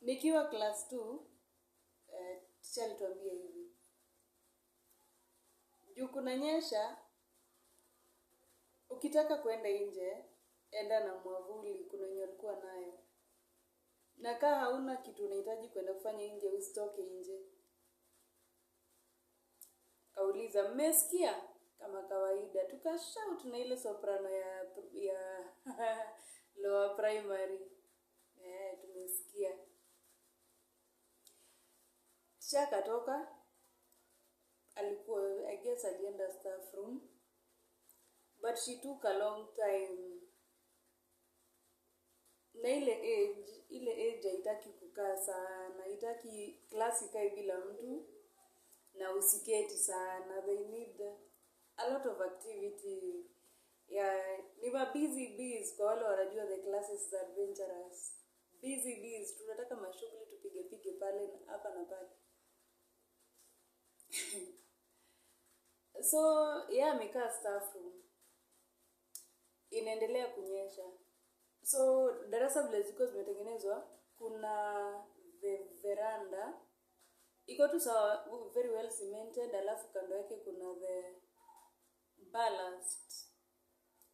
nikiwa class t eh, hivi juu nyesha ukitaka kwenda nje enda na mwavuli kuna wenye walikuwa nayo na kaa hauna kitu unahitaji kwenda kufanya nje usitoke nje kauliza mmesikia kama kawaida tukashaut na ile soprano ya ya lower primary eh, tumesikia kisha akatoka, alikuwa I guess alienda staff room, but she took a long time na ile age ile age haitaki kukaa sana, haitaki klasi ikae bila mtu na usiketi sana. They need a lot of activity. Yeah, ni busy bees kwa wale wanajua the classes is adventurous. Busy bees tunataka mashughuli tupige pige pale hapa na pale so ya yeah, amekaa stafu inaendelea kunyesha so darasa vile ziko zimetengenezwa kuna the veranda iko tu sawa very well cemented alafu kando yake kuna the balanced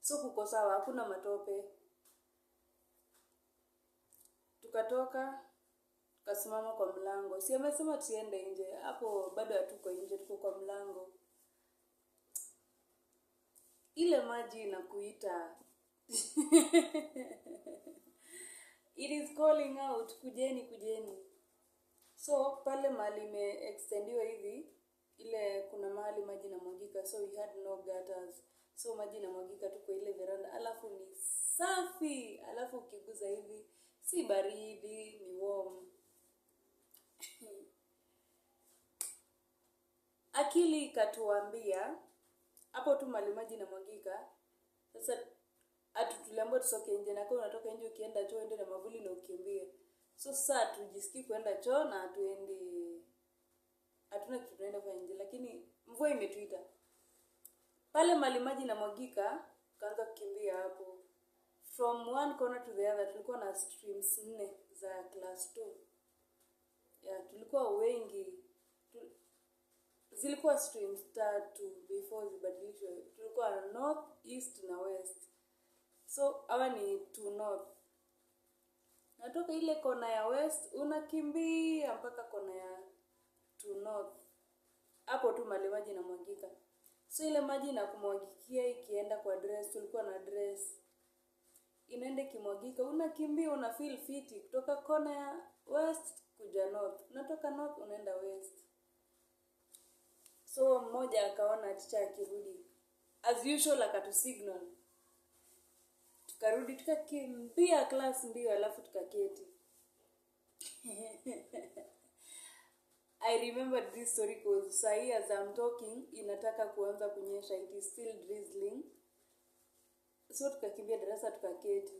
so kuko sawa hakuna matope tukatoka kasimama kwa mlango, si amesema tuende nje, hapo bado hatuko nje, tuko kwa mlango. Ile maji inakuita it is calling out, kujeni, kujeni. So pale mahali imeextendiwa hivi, ile kuna mahali maji inamwagika, so we had no gutters, so maji inamwagika tu kwa ile veranda, alafu ni safi, alafu ukiguza hivi si baridi Akili ikatuambia hapo tu mali maji inamwagika. Sasa hatu tuliambiwa tusoke nje na kama unatoka nje ukienda choo ende na mavuli na ukimbie. So sasa tujisikii kwenda choo na hatuendi hatuna kitu tunaenda kwa nje lakini mvua imetuita. Pale mali maji inamwagika tukaanza kukimbia hapo. From one corner to the other tulikuwa na streams nne za class 2. Ya tulikuwa wengi zilikuwa streams tatu before zibadilishwe. Tulikuwa north, east na west, so hawa ni to north. Natoka ile kona ya west unakimbia mpaka kona ya to north, hapo tu mali maji inamwagika. So ile maji kumwagikia ikienda kwa dress, tulikuwa na dress inaenda ikimwagika, unakimbia una feel fiti kutoka kona ya west kuja north, unatoka north unaenda west. So mmoja akaona ticha akirudi, as usual akatusignal, tukarudi tukakimbia class mbio, alafu tukaketi I remember this story cause sahi as I'm talking inataka kuanza kunyesha, it is still drizzling. So tukakimbia darasa tukaketi.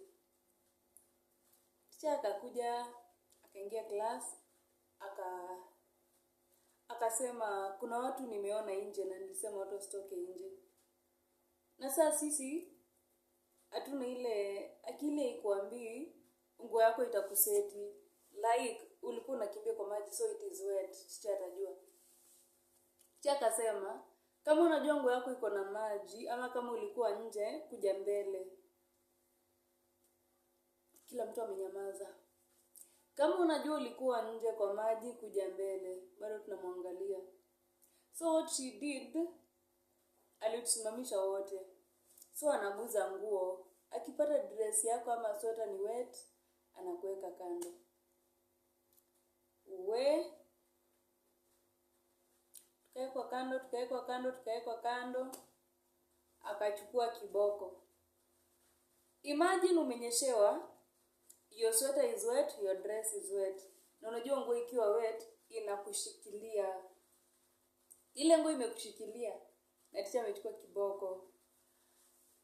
Ticha akakuja akaingia class aka akasema kuna watu nimeona nje na nilisema watu wasitoke nje na saa sisi hatuna ile akili ikuambii nguo yako itakuseti like ulikuwa unakimbia kwa maji so it is wet chicha atajua chicha akasema kama unajua nguo yako iko na maji ama kama ulikuwa nje kuja mbele kila mtu amenyamaza kama unajua ulikuwa nje kwa maji, kuja mbele, bado tunamwangalia. So what she did, alitusimamisha wote. So anaguza nguo, akipata dress yako ama sweta ni wet, anakuweka kando. We tukawekwa kando, tukawekwa kando, tukawekwa kando, akachukua kiboko. Imagine umenyeshewa your sweater is wet, your dress is wet. Na unajua nguo ikiwa wet inakushikilia, ile nguo imekushikilia, na tisha amechukua kiboko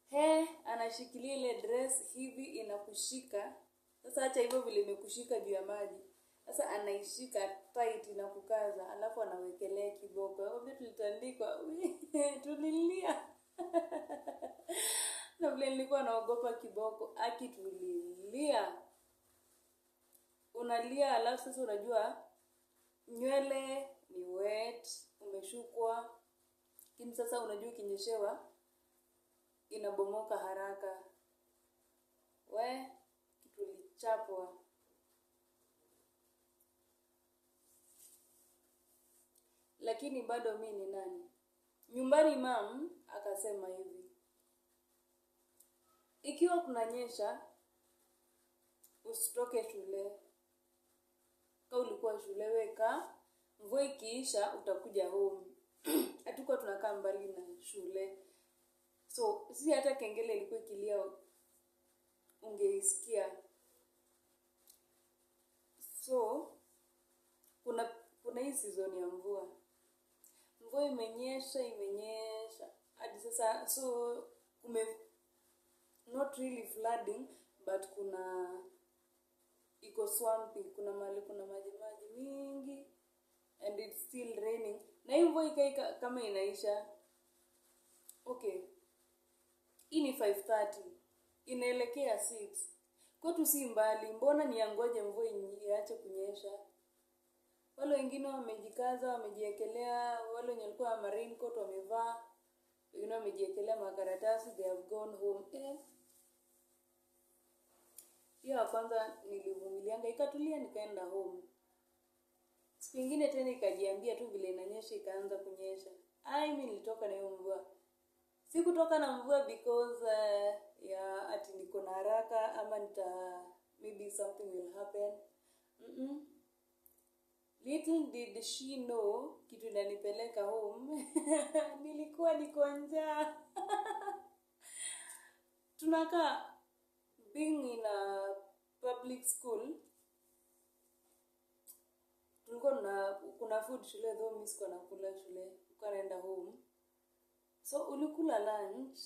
he, anashikilia ile dress hivi inakushika. Sasa acha hivyo vile imekushika juu ya maji, sasa anaishika tight na kukaza, alafu anawekelea kiboko. Nakwambia tulitandikwa, tulilia na vile nilikuwa naogopa kiboko, akitulilia unalia alafu sasa unajua nywele ni wet umeshukwa lakini sasa unajua ukinyeshewa inabomoka haraka we kitu lakini bado mi ni nani nyumbani mam akasema hivi ikiwa kunanyesha usitoke shule ka ulikuwa shule weka mvua ikiisha utakuja home hatukuwa tunakaa mbali na shule so si hata kengele ilikuwa ikilia ungeisikia so kuna kuna hii season ya mvua mvua imenyesha imenyesha hadi sasa so kume not really flooding but kuna iko swampy kuna mali kuna maji maji mingi and it's still raining na hii mvua ikai kama inaisha okay hii ni 5:30 inaelekea 6 kwetu si mbali mbona niangoje mvua iache kunyesha wale wengine wamejikaza wamejiekelea wale wenye walikuwa marine coat wamevaa wengine wamejiekelea makaratasi they have gone home eh hiyo ya kwanza nilivumilianga, ikatulia, nikaenda home. Siku ingine tena ikajiambia tu vile inanyesha, ikaanza kunyesha. Ai, mimi nilitoka na hiyo mvua. Sikutoka na mvua because uh, ya ati niko na haraka ama nita maybe something will happen. Mm -mm. Little did she know kitu inanipeleka home. Nilikuwa niko njaa. Tunakaa being in a public school tulikuwa na kuna food shule though mi nakula shule ulikuwa naenda home so ulikula lunch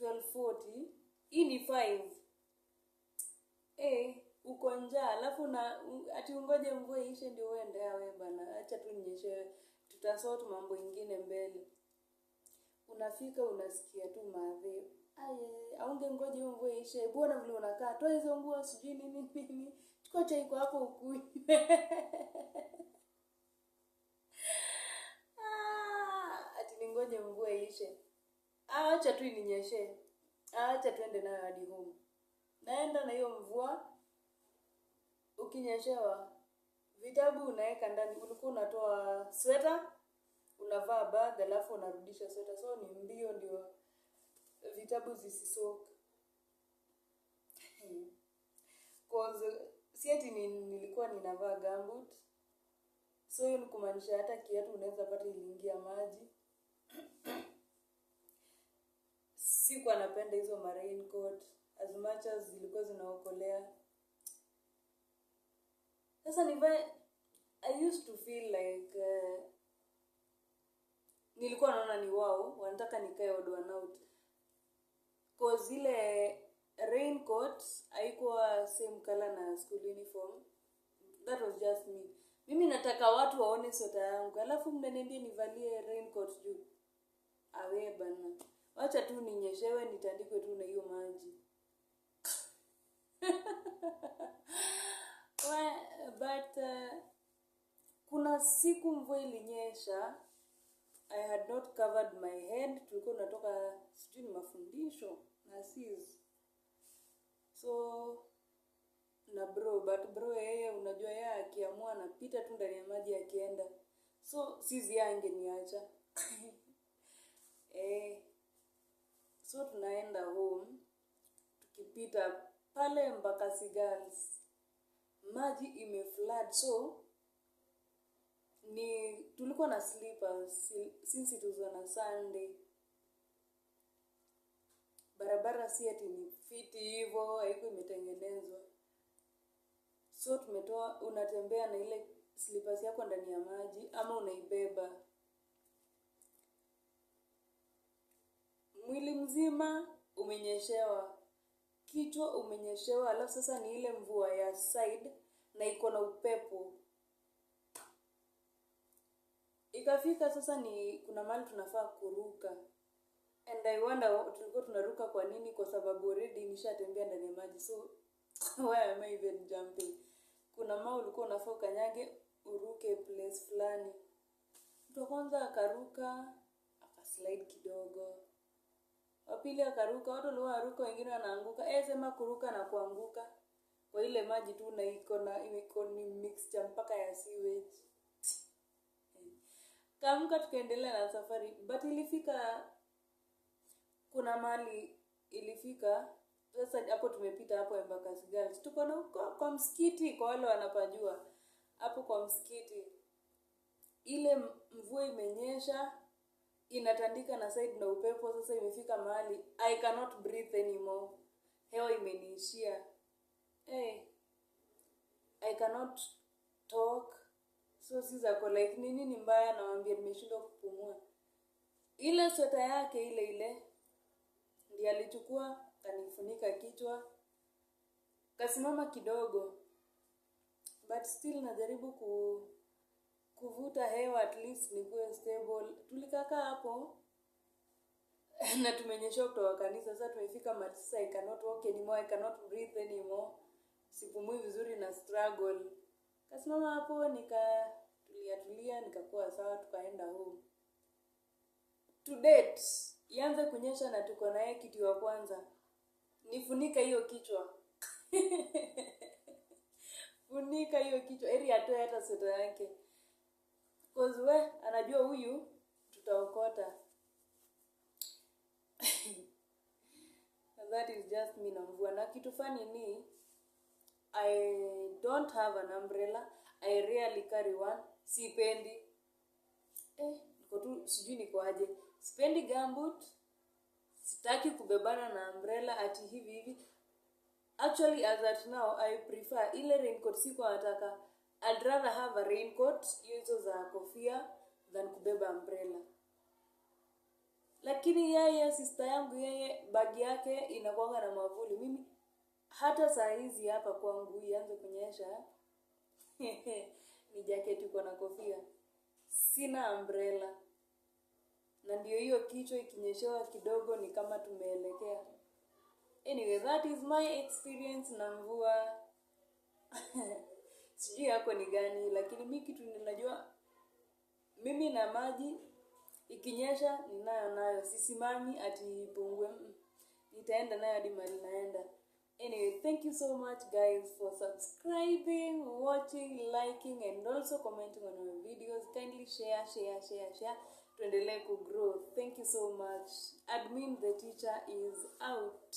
1240 hii ni 5 eh uko njaa alafu na ati ungoje mvua ishe ndio uende awe bana acha tu nyeshe tutasort mambo ingine mbele unafika unasikia tu madhe aunge ngoja hiyo mvua ishe, bwana vile unakaa, toa hizo nguo, sijui nini nini, chukua chai kwa hapo ukui ah, ati ningoje mvua ishe, ah, acha tu ininyeshe, ah, acha tuende nayo hadi home. Naenda na hiyo mvua, ukinyeshewa vitabu unaweka ndani, ulikuwa unatoa sweta unavaa bag, alafu unarudisha sweta, so ni mbio ndio vitabu zisisoka hmm. cause ni, nilikuwa ninavaa gambut so hiyo ni kumaanisha hata kiatu unaweza pata iliingia maji sikuwa napenda hizo maraincoat as much as zilikuwa zinaokolea sasa nivae i used to feel like uh, nilikuwa naona ni wao wanataka nikae odd one cause ile raincoat haikuwa same color na school uniform that was just me mimi nataka watu waone sweta yangu alafu mnaniambia nivalie raincoat juu awe bana wacha tu ninyeshewe nitandikwe tu na hiyo maji but uh, kuna siku mvua ilinyesha i had not covered my head tulikuwa natoka sijui na Aziz so na bro but bro yeye unajua yeye akiamua anapita tu ndani ya maji akienda so sizi niacha eh so tunaenda home tukipita pale mpaka sigals maji flood so ni tulikuwa na slippers since it was on a Sunday barabara si ati ni fiti hivyo, haiko imetengenezwa. So tumetoa, unatembea na ile slippers yako ndani ya maji ama unaibeba mwili mzima umenyeshewa, kichwa umenyeshewa, alafu sasa ni ile mvua ya side na iko na upepo. Ikafika sasa ni kuna mali tunafaa kuruka and I wonder tulikuwa tunaruka kwa nini, kwa sababu redi nishatembea ndani ya maji, so why am I even jumping? Kuna mao ulikuwa unafaa ukanyage uruke place fulani. Mtu wa kwanza akaruka akaslide kidogo, wapili akaruka, watu walikuwa wanaruka, wengine wanaanguka. e, sema kuruka na kuanguka kwa ile maji tu, na iko na iko ni mixture mpaka ya sewage. Kaamka tukaendelea na safari, but ilifika kuna mali ilifika sasa hapo tumepita hapo Embakasi Girls. Tuko na kwa, kwa msikiti kwa wale wanapajua. Hapo kwa msikiti. Ile mvua imenyesha inatandika na side na upepo sasa imefika mahali I cannot breathe anymore. Hewa imeniishia. Hey, eh, I cannot talk. So si zako like nini ni mbaya nawambia nimeshindwa kupumua. Ile sweta yake ile ile Yalichukua kanifunika kichwa, kasimama kidogo, but still najaribu ku, kuvuta hewa at least nikuwe stable. Tulikaka hapo na tumenyeshwa kutoka kanisa, sasa tumefika matisa, I cannot walk anymore, I cannot breathe anymore, sipumui vizuri na struggle. Kasimama hapo nika tulia tulia, nikakuwa sawa, tukaenda home to date ianze kunyesha na tuko naye kiti wa kwanza nifunika hiyo kichwa funika hiyo kichwa eri atoe hata sweta yake cause we anajua huyu tutaokota that is just me na mvua na kitu fani ni i don't have an umbrella i rarely carry one sipendi eh niko tu sijui niko aje Sipendi gambut Sitaki kubebana na umbrella ati hivi hivi. Actually, as at now, I prefer ile raincoat siko nataka. I'd rather have a raincoat, hizo za kofia, than kubeba umbrella. Lakini yeye sister yangu yeye bagi yake inakuanga na mwavuli. Mimi hata saa hizi hapa kwangu ianze kunyesha ni jaketi iko na kofia, sina umbrella na ndio hiyo kichwa ikinyeshewa kidogo ni kama tumeelekea anyway that is my experience na mvua sijui yako ni gani lakini mi kitu ninajua mimi na maji ikinyesha ninayo nayo sisimami ati ipungue nitaenda nayo hadi mali naenda anyway thank you so much guys for subscribing watching liking and also commenting on our videos kindly share share share share tuendelee kugrow thank you so much admin the teacher is out